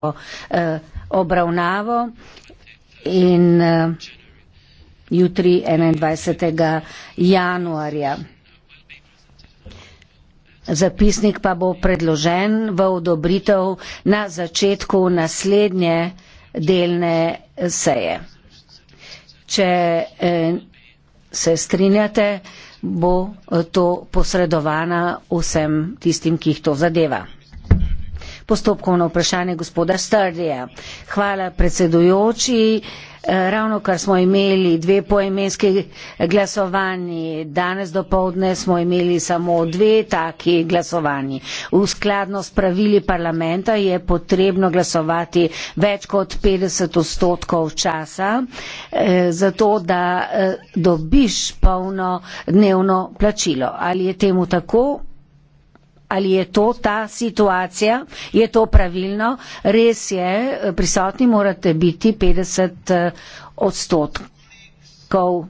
Eh, obravnavo in eh, jutri 21. januarja. Zapisnik pa bo predložen v odobritev na začetku naslednje delne seje. Če eh, se strinjate, bo to posredovana vsem tistim, ki jih to zadeva postopkovno vprašanje gospoda Strdija. Hvala predsedujoči. Eh, ravno kar smo imeli dve poimenski glasovanji, danes do povdne smo imeli samo dve taki glasovanji. V skladno s pravili parlamenta je potrebno glasovati več kot 50 odstotkov časa, eh, zato da eh, dobiš polno dnevno plačilo. Ali je temu tako? ali je to ta situacija, je to pravilno, res je, prisotni morate biti 50 eh, odstotkov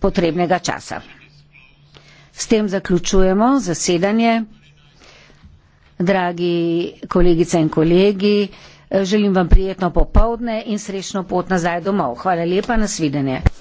potrebnega časa. S tem zaključujemo zasedanje. Dragi kolegice in kolegi, eh, želim vam prijetno popovdne in srečno pot nazaj domov. Hvala lepa, nasvidenje.